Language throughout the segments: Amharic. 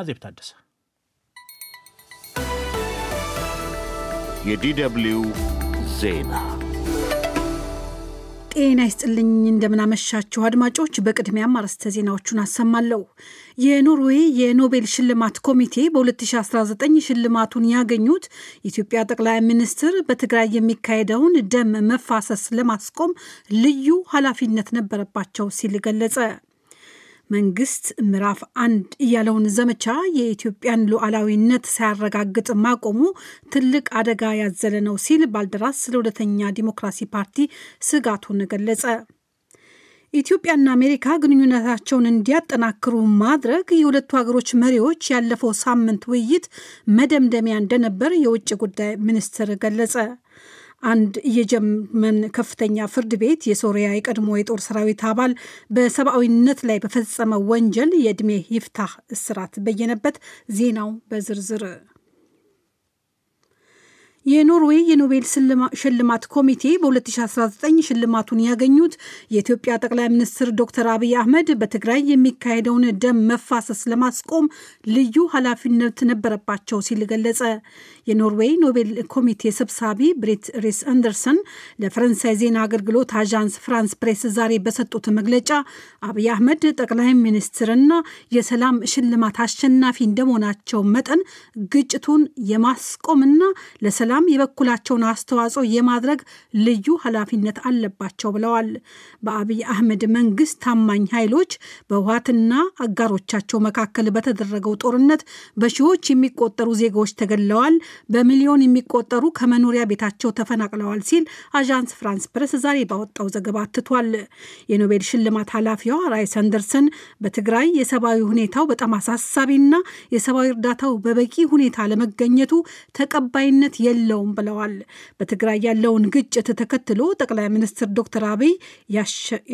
አዜብ ታደሰ። የዲደብሊው ዜና ጤና ይስጥልኝ። እንደምናመሻችሁ አድማጮች። በቅድሚያም አርዕስተ ዜናዎቹን አሰማለሁ። የኖርዌይ የኖቤል ሽልማት ኮሚቴ በ2019 ሽልማቱን ያገኙት የኢትዮጵያ ጠቅላይ ሚኒስትር በትግራይ የሚካሄደውን ደም መፋሰስ ለማስቆም ልዩ ኃላፊነት ነበረባቸው ሲል ገለጸ። መንግስት ምዕራፍ አንድ ያለውን ዘመቻ የኢትዮጵያን ሉዓላዊነት ሳያረጋግጥ ማቆሙ ትልቅ አደጋ ያዘለ ነው ሲል ባልደራስ ስለ ሁለተኛ ዲሞክራሲ ፓርቲ ስጋቱን ገለጸ። ኢትዮጵያና አሜሪካ ግንኙነታቸውን እንዲያጠናክሩ ማድረግ የሁለቱ ሀገሮች መሪዎች ያለፈው ሳምንት ውይይት መደምደሚያ እንደነበር የውጭ ጉዳይ ሚኒስትር ገለጸ። አንድ የጀመን ከፍተኛ ፍርድ ቤት የሶሪያ የቀድሞ የጦር ሰራዊት አባል በሰብአዊነት ላይ በፈጸመው ወንጀል የእድሜ ይፍታህ እስራት በየነበት። ዜናው በዝርዝር የኖርዌይ የኖቤል ሽልማት ኮሚቴ በ2019 ሽልማቱን ያገኙት የኢትዮጵያ ጠቅላይ ሚኒስትር ዶክተር አብይ አህመድ በትግራይ የሚካሄደውን ደም መፋሰስ ለማስቆም ልዩ ኃላፊነት ነበረባቸው ሲል ገለጸ። የኖርዌይ ኖቤል ኮሚቴ ሰብሳቢ ብሪት ሬስ አንደርሰን ለፈረንሳይ ዜና አገልግሎት አዣንስ ፍራንስ ፕሬስ ዛሬ በሰጡት መግለጫ አብይ አህመድ ጠቅላይ ሚኒስትርና የሰላም ሽልማት አሸናፊ እንደመሆናቸው መጠን ግጭቱን የማስቆምና ለሰላም በሰላም የበኩላቸውን አስተዋጽኦ የማድረግ ልዩ ኃላፊነት አለባቸው ብለዋል። በአብይ አህመድ መንግስት ታማኝ ኃይሎች በህወሓትና አጋሮቻቸው መካከል በተደረገው ጦርነት በሺዎች የሚቆጠሩ ዜጋዎች ተገድለዋል፣ በሚሊዮን የሚቆጠሩ ከመኖሪያ ቤታቸው ተፈናቅለዋል ሲል አዣንስ ፍራንስ ፕረስ ዛሬ ባወጣው ዘገባ አትቷል። የኖቤል ሽልማት ኃላፊዋ ራይስ አንደርሰን በትግራይ የሰብአዊ ሁኔታው በጣም አሳሳቢና የሰብአዊ እርዳታው በበቂ ሁኔታ ለመገኘቱ ተቀባይነት የለ የለውም ብለዋል። በትግራይ ያለውን ግጭት ተከትሎ ጠቅላይ ሚኒስትር ዶክተር አብይ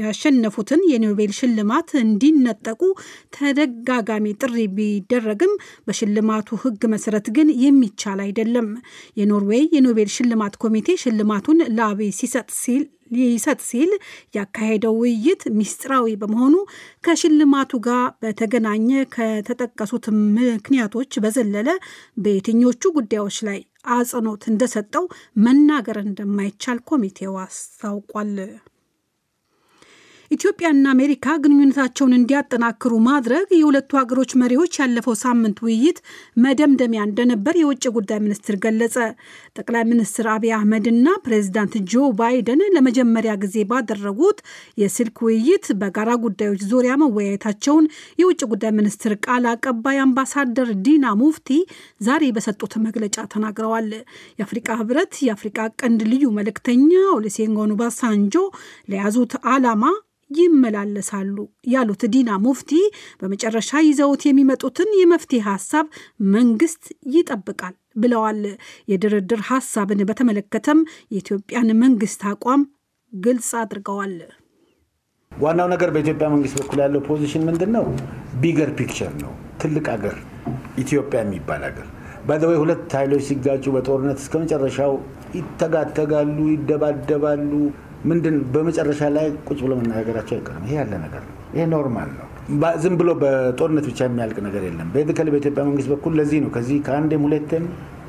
ያሸነፉትን የኖቤል ሽልማት እንዲነጠቁ ተደጋጋሚ ጥሪ ቢደረግም በሽልማቱ ሕግ መሰረት ግን የሚቻል አይደለም። የኖርዌይ የኖቤል ሽልማት ኮሚቴ ሽልማቱን ለአብይ ሲሰጥ ሲል ሊሰጥ ሲል ያካሄደው ውይይት ሚስጥራዊ በመሆኑ ከሽልማቱ ጋር በተገናኘ ከተጠቀሱት ምክንያቶች በዘለለ በየትኞቹ ጉዳዮች ላይ አጽንኦት እንደሰጠው መናገር እንደማይቻል ኮሚቴው አስታውቋል። ኢትዮጵያና አሜሪካ ግንኙነታቸውን እንዲያጠናክሩ ማድረግ የሁለቱ ሀገሮች መሪዎች ያለፈው ሳምንት ውይይት መደምደሚያ እንደነበር የውጭ ጉዳይ ሚኒስትር ገለጸ። ጠቅላይ ሚኒስትር አብይ አህመድና ፕሬዚዳንት ጆ ባይደን ለመጀመሪያ ጊዜ ባደረጉት የስልክ ውይይት በጋራ ጉዳዮች ዙሪያ መወያየታቸውን የውጭ ጉዳይ ሚኒስትር ቃል አቀባይ አምባሳደር ዲና ሙፍቲ ዛሬ በሰጡት መግለጫ ተናግረዋል። የአፍሪቃ ህብረት የአፍሪቃ ቀንድ ልዩ መልእክተኛ ኦሉሴጉን ኦባሳንጆ ለያዙት ዓላማ ይመላለሳሉ ያሉት ዲና ሙፍቲ በመጨረሻ ይዘውት የሚመጡትን የመፍትሄ ሀሳብ መንግስት ይጠብቃል ብለዋል። የድርድር ሀሳብን በተመለከተም የኢትዮጵያን መንግስት አቋም ግልጽ አድርገዋል። ዋናው ነገር በኢትዮጵያ መንግስት በኩል ያለው ፖዚሽን ምንድን ነው? ቢገር ፒክቸር ነው። ትልቅ አገር ኢትዮጵያ የሚባል አገር ባይዘወይ ሁለት ኃይሎች ሲጋጩ በጦርነት እስከ መጨረሻው ይተጋተጋሉ፣ ይደባደባሉ፣ ምንድን በመጨረሻ ላይ ቁጭ ብሎ መነጋገራቸው አይቀርም። ይሄ ያለ ነገር ነው። ይሄ ኖርማል ነው። ዝም ብሎ በጦርነት ብቻ የሚያልቅ ነገር የለም። በትክክል በኢትዮጵያ መንግስት በኩል ለዚህ ነው ከዚህ ከአንዴም ሁለቴም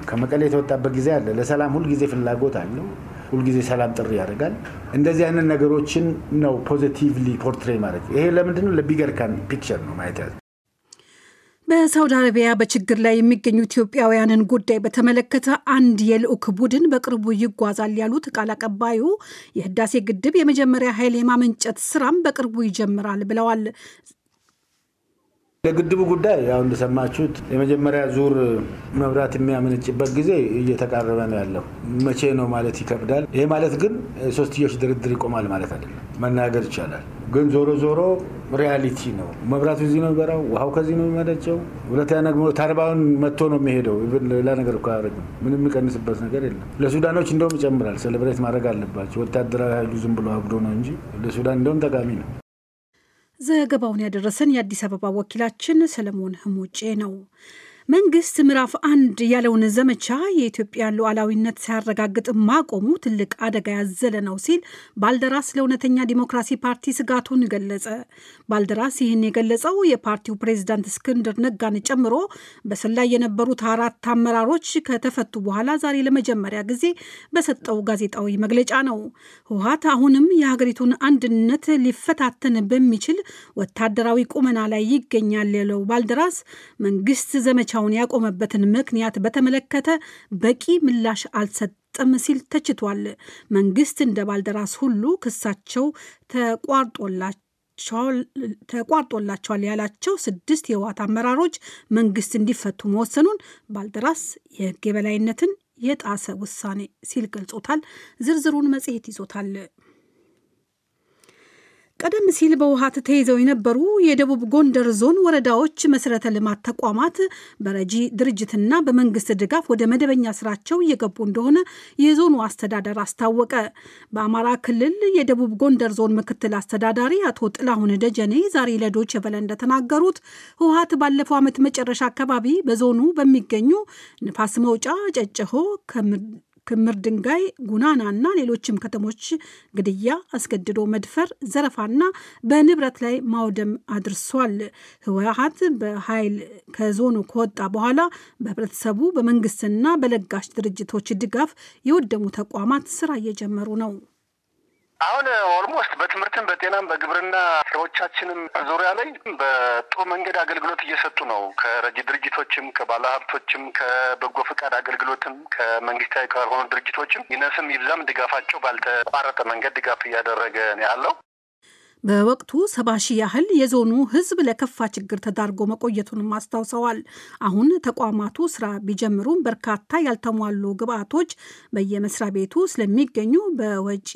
ከመቀሌ የተወጣበት ጊዜ አለ። ለሰላም ሁልጊዜ ፍላጎት አለው። ሁልጊዜ ሰላም ጥሪ ያደርጋል። እንደዚህ አይነት ነገሮችን ነው ፖዚቲቭሊ ፖርትሬ ማድረግ። ይሄ ለምንድን ነው ፒክቸር ነው ማየት በሳውዲ አረቢያ በችግር ላይ የሚገኙ ኢትዮጵያውያንን ጉዳይ በተመለከተ አንድ የልዑክ ቡድን በቅርቡ ይጓዛል ያሉት ቃል አቀባዩ የህዳሴ ግድብ የመጀመሪያ ኃይል የማመንጨት ስራም በቅርቡ ይጀምራል ብለዋል። የግድቡ ጉዳይ ያው እንደሰማችሁት የመጀመሪያ ዙር መብራት የሚያመነጭበት ጊዜ እየተቃረበ ነው ያለው። መቼ ነው ማለት ይከብዳል። ይሄ ማለት ግን ሶስትዮሽ ድርድር ይቆማል ማለት አይደለም። መናገር ይቻላል፣ ግን ዞሮ ዞሮ ሪያሊቲ ነው። መብራቱ እዚህ ነው የሚበራው፣ ውሃው ከዚህ ነው የሚመነጨው። ሁለተኛ ደግሞ ታርባውን መጥቶ ነው የሚሄደው። ሌላ ነገር እኮ አያደርግም። ምንም የሚቀንስበት ነገር የለም። ለሱዳኖች እንደውም ይጨምራል። ሴሌብሬት ማድረግ አለባቸው። ወታደራዊ ኃይሉ ዝም ብሎ አብዶ ነው እንጂ ለሱዳን እንደውም ጠቃሚ ነው። ዘገባውን ያደረሰን የአዲስ አበባ ወኪላችን ሰለሞን ህሙጬ ነው። መንግስት ምዕራፍ አንድ ያለውን ዘመቻ የኢትዮጵያን ሉዓላዊነት ሳያረጋግጥ ማቆሙ ትልቅ አደጋ ያዘለ ነው ሲል ባልደራስ ለእውነተኛ ዲሞክራሲ ፓርቲ ስጋቱን ገለጸ። ባልደራስ ይህን የገለጸው የፓርቲው ፕሬዚዳንት እስክንድር ነጋን ጨምሮ በስር ላይ የነበሩት አራት አመራሮች ከተፈቱ በኋላ ዛሬ ለመጀመሪያ ጊዜ በሰጠው ጋዜጣዊ መግለጫ ነው። ህወሓት አሁንም የሀገሪቱን አንድነት ሊፈታተን በሚችል ወታደራዊ ቁመና ላይ ይገኛል ያለው ባልደራስ መንግስት ዘመቻ ዘመቻውን ያቆመበትን ምክንያት በተመለከተ በቂ ምላሽ አልሰጠም ጥም ሲል ተችቷል። መንግስት እንደ ባልደራስ ሁሉ ክሳቸው ተቋርጦላቸው ተቋርጦላቸዋል ያላቸው ስድስት የህወሓት አመራሮች መንግስት እንዲፈቱ መወሰኑን ባልደራስ የህግ የበላይነትን የጣሰ ውሳኔ ሲል ገልጾታል። ዝርዝሩን መጽሔት ይዞታል። ቀደም ሲል በውሃት ተይዘው የነበሩ የደቡብ ጎንደር ዞን ወረዳዎች መሰረተ ልማት ተቋማት በረጂ ድርጅትና በመንግስት ድጋፍ ወደ መደበኛ ስራቸው እየገቡ እንደሆነ የዞኑ አስተዳደር አስታወቀ። በአማራ ክልል የደቡብ ጎንደር ዞን ምክትል አስተዳዳሪ አቶ ጥላሁን ደጀኔ ዛሬ ለዶች በለ እንደተናገሩት ህወሀት ባለፈው ዓመት መጨረሻ አካባቢ በዞኑ በሚገኙ ንፋስ መውጫ፣ ጨጨሆ ክምር ድንጋይ፣ ጉናና እና ሌሎችም ከተሞች ግድያ፣ አስገድዶ መድፈር፣ ዘረፋና በንብረት ላይ ማውደም አድርሷል። ህወሀት በኃይል ከዞኑ ከወጣ በኋላ በህብረተሰቡ በመንግስትና በለጋሽ ድርጅቶች ድጋፍ የወደሙ ተቋማት ስራ እየጀመሩ ነው። አሁን ኦልሞስት በትምህርትም በጤናም በግብርና ስራዎቻችንም ዙሪያ ላይ በጥሩ መንገድ አገልግሎት እየሰጡ ነው። ከረጅ ድርጅቶችም ከባለሀብቶችም ከበጎ ፈቃድ አገልግሎትም ከመንግስታዊ ካልሆኑ ድርጅቶችም ይነስም ይብዛም ድጋፋቸው ባልተቋረጠ መንገድ ድጋፍ እያደረገ ያለው። በወቅቱ ሰባ ሺህ ያህል የዞኑ ህዝብ ለከፋ ችግር ተዳርጎ መቆየቱንም አስታውሰዋል። አሁን ተቋማቱ ስራ ቢጀምሩም በርካታ ያልተሟሉ ግብአቶች በየመስሪያ ቤቱ ስለሚገኙ በወጪ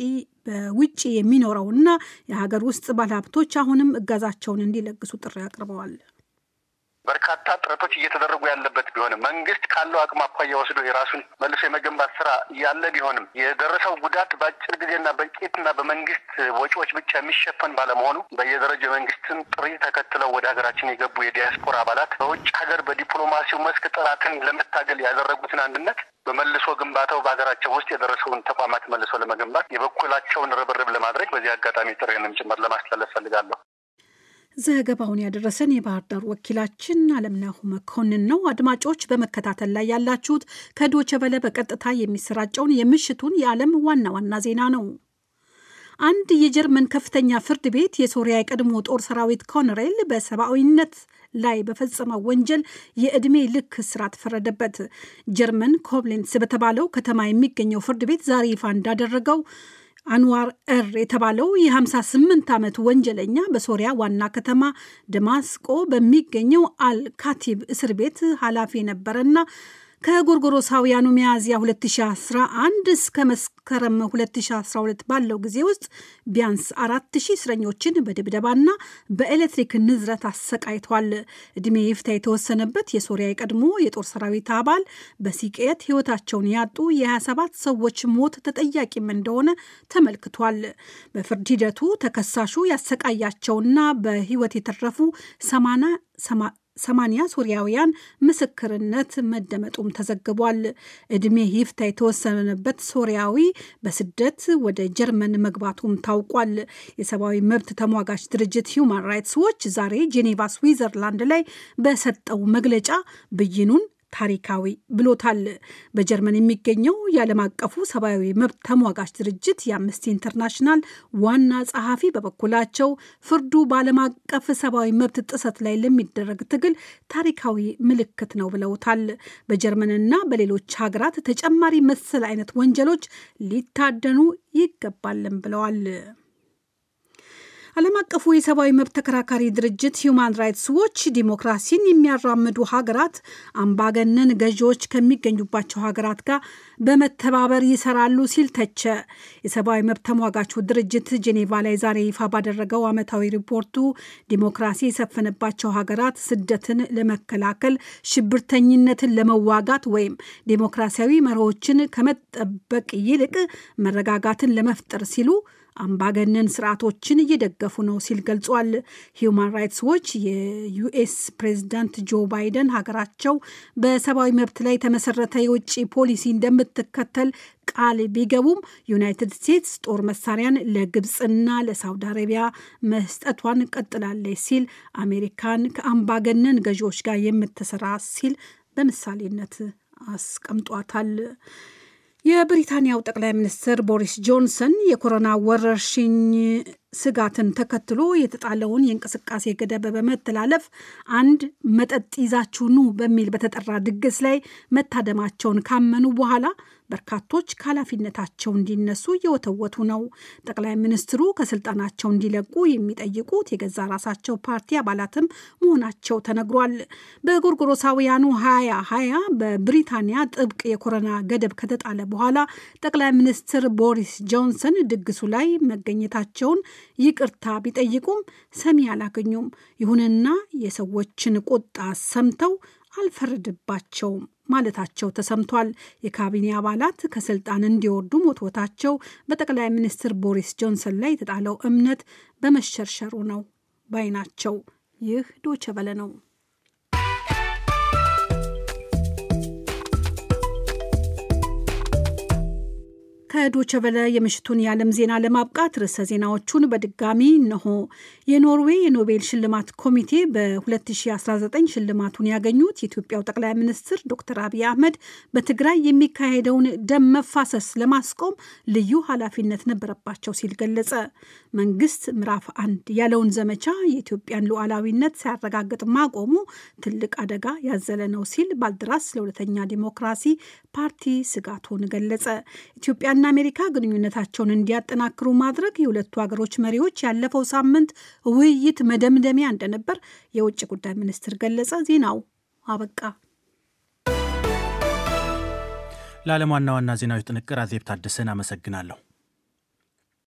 በውጭ የሚኖረውና የሀገር ውስጥ ባለሀብቶች አሁንም እገዛቸውን እንዲለግሱ ጥሪ አቅርበዋል። በርካታ ጥረቶች እየተደረጉ ያለበት ቢሆንም መንግስት ካለው አቅም አኳያ ወስዶ የራሱን መልሶ የመገንባት ስራ ያለ ቢሆንም የደረሰው ጉዳት በአጭር ጊዜና በቂትና በመንግስት ወጪዎች ብቻ የሚሸፈን ባለመሆኑ በየደረጃው የመንግስትን ጥሪ ተከትለው ወደ ሀገራችን የገቡ የዲያስፖራ አባላት በውጭ ሀገር በዲፕሎማሲው መስክ ጥራትን ለመታገል ያደረጉትን አንድነት በመልሶ ግንባታው በሀገራቸው ውስጥ የደረሰውን ተቋማት መልሶ ለመገንባት የበኩላቸውን ርብርብ ለማድረግ በዚህ አጋጣሚ ጥሪንም ጭምር ለማስተላለፍ ፈልጋለሁ። ዘገባውን ያደረሰን የባህር ዳር ወኪላችን አለምነሁ መኮንን ነው። አድማጮች በመከታተል ላይ ያላችሁት ከዶቸበለ በቀጥታ የሚሰራጨውን የምሽቱን የዓለም ዋና ዋና ዜና ነው። አንድ የጀርመን ከፍተኛ ፍርድ ቤት የሶሪያ የቀድሞ ጦር ሰራዊት ኮንሬል በሰብአዊነት ላይ በፈጸመው ወንጀል የዕድሜ ልክ እስራት ፈረደበት። ጀርመን ኮብሌንስ በተባለው ከተማ የሚገኘው ፍርድ ቤት ዛሬ ይፋ እንዳደረገው አንዋር እር የተባለው የ58 ዓመት ወንጀለኛ በሶሪያ ዋና ከተማ ደማስቆ በሚገኘው አልካቲብ እስር ቤት ኃላፊ የነበረና ከጎርጎሮሳውያኑ ሚያዝያ 2011 እስከ መስከረም 2012 ባለው ጊዜ ውስጥ ቢያንስ 4000 እስረኞችን በድብደባና በኤሌክትሪክ ንዝረት አሰቃይቷል። እድሜ ይፍታ የተወሰነበት የሶሪያ የቀድሞ የጦር ሰራዊት አባል በሲቅየት ህይወታቸውን ያጡ የ27 ሰዎች ሞት ተጠያቂም እንደሆነ ተመልክቷል። በፍርድ ሂደቱ ተከሳሹ ያሰቃያቸውና በህይወት የተረፉ ሰማንያ ሱሪያውያን ምስክርነት መደመጡም ተዘግቧል። እድሜ ይፍታ የተወሰነበት ሶሪያዊ በስደት ወደ ጀርመን መግባቱም ታውቋል። የሰብአዊ መብት ተሟጋች ድርጅት ሂውማን ራይትስ ዎች ዛሬ ጄኔቫ ስዊዘርላንድ ላይ በሰጠው መግለጫ ብይኑን ታሪካዊ ብሎታል። በጀርመን የሚገኘው የዓለም አቀፉ ሰብአዊ መብት ተሟጋች ድርጅት የአምነስቲ ኢንተርናሽናል ዋና ጸሐፊ በበኩላቸው ፍርዱ በዓለም አቀፍ ሰብአዊ መብት ጥሰት ላይ ለሚደረግ ትግል ታሪካዊ ምልክት ነው ብለውታል። በጀርመንና በሌሎች ሀገራት ተጨማሪ መሰል አይነት ወንጀሎች ሊታደኑ ይገባልን ብለዋል። ዓለም አቀፉ የሰብአዊ መብት ተከራካሪ ድርጅት ሁማን ራይትስ ዎች ዲሞክራሲን የሚያራምዱ ሀገራት አምባገነን ገዢዎች ከሚገኙባቸው ሀገራት ጋር በመተባበር ይሰራሉ ሲል ተቸ። የሰብአዊ መብት ተሟጋቹ ድርጅት ጄኔቫ ላይ ዛሬ ይፋ ባደረገው ዓመታዊ ሪፖርቱ ዲሞክራሲ የሰፈነባቸው ሀገራት ስደትን ለመከላከል፣ ሽብርተኝነትን ለመዋጋት ወይም ዲሞክራሲያዊ መርሆችን ከመጠበቅ ይልቅ መረጋጋትን ለመፍጠር ሲሉ አምባገነን ስርዓቶችን እየደገፉ ነው ሲል ገልጿል። ሂውማን ራይትስ ዎች የዩኤስ ፕሬዚዳንት ጆ ባይደን ሀገራቸው በሰብአዊ መብት ላይ የተመሰረተ የውጭ ፖሊሲ እንደምትከተል ቃል ቢገቡም ዩናይትድ ስቴትስ ጦር መሳሪያን ለግብፅና ለሳውዲ አረቢያ መስጠቷን ቀጥላለች ሲል አሜሪካን ከአምባገነን ገዢዎች ጋር የምትሰራ ሲል በምሳሌነት አስቀምጧታል። የብሪታንያው ጠቅላይ ሚኒስትር ቦሪስ ጆንሰን የኮሮና ወረርሽኝ ስጋትን ተከትሎ የተጣለውን የእንቅስቃሴ ገደብ በመተላለፍ አንድ መጠጥ ይዛችሁ ኑ በሚል በተጠራ ድግስ ላይ መታደማቸውን ካመኑ በኋላ በርካቶች ከኃላፊነታቸው እንዲነሱ እየወተወቱ ነው። ጠቅላይ ሚኒስትሩ ከስልጣናቸው እንዲለቁ የሚጠይቁት የገዛ ራሳቸው ፓርቲ አባላትም መሆናቸው ተነግሯል። በጎርጎሮሳውያኑ ሀያ ሀያ በብሪታንያ ጥብቅ የኮሮና ገደብ ከተጣለ በኋላ ጠቅላይ ሚኒስትር ቦሪስ ጆንሰን ድግሱ ላይ መገኘታቸውን ይቅርታ ቢጠይቁም ሰሚ አላገኙም። ይሁንና የሰዎችን ቁጣ ሰምተው አልፈረድባቸውም ማለታቸው ተሰምቷል። የካቢኔ አባላት ከስልጣን እንዲወርዱ ሞትወታቸው በጠቅላይ ሚኒስትር ቦሪስ ጆንሰን ላይ የተጣለው እምነት በመሸርሸሩ ነው ባይ ናቸው። ይህ ዶቸበለ ነው። ከዶቸበለ የምሽቱን የዓለም ዜና ለማብቃት ርዕሰ ዜናዎቹን በድጋሚ እነሆ። የኖርዌይ የኖቤል ሽልማት ኮሚቴ በ2019 ሽልማቱን ያገኙት የኢትዮጵያው ጠቅላይ ሚኒስትር ዶክተር አብይ አህመድ በትግራይ የሚካሄደውን ደም መፋሰስ ለማስቆም ልዩ ኃላፊነት ነበረባቸው ሲል ገለጸ። መንግስት ምዕራፍ አንድ ያለውን ዘመቻ የኢትዮጵያን ሉዓላዊነት ሳያረጋግጥ ማቆሙ ትልቅ አደጋ ያዘለ ነው ሲል ባልደራስ ለሁለተኛ ዲሞክራሲ ፓርቲ ስጋቱን ገለጸ። ኢትዮጵያ ኢትዮጵያና አሜሪካ ግንኙነታቸውን እንዲያጠናክሩ ማድረግ የሁለቱ ሀገሮች መሪዎች ያለፈው ሳምንት ውይይት መደምደሚያ እንደነበር የውጭ ጉዳይ ሚኒስትር ገለጸ። ዜናው አበቃ። ለዓለም ዋና ዋና ዜናዎች ጥንቅር አዜብ ታደሰን አመሰግናለሁ።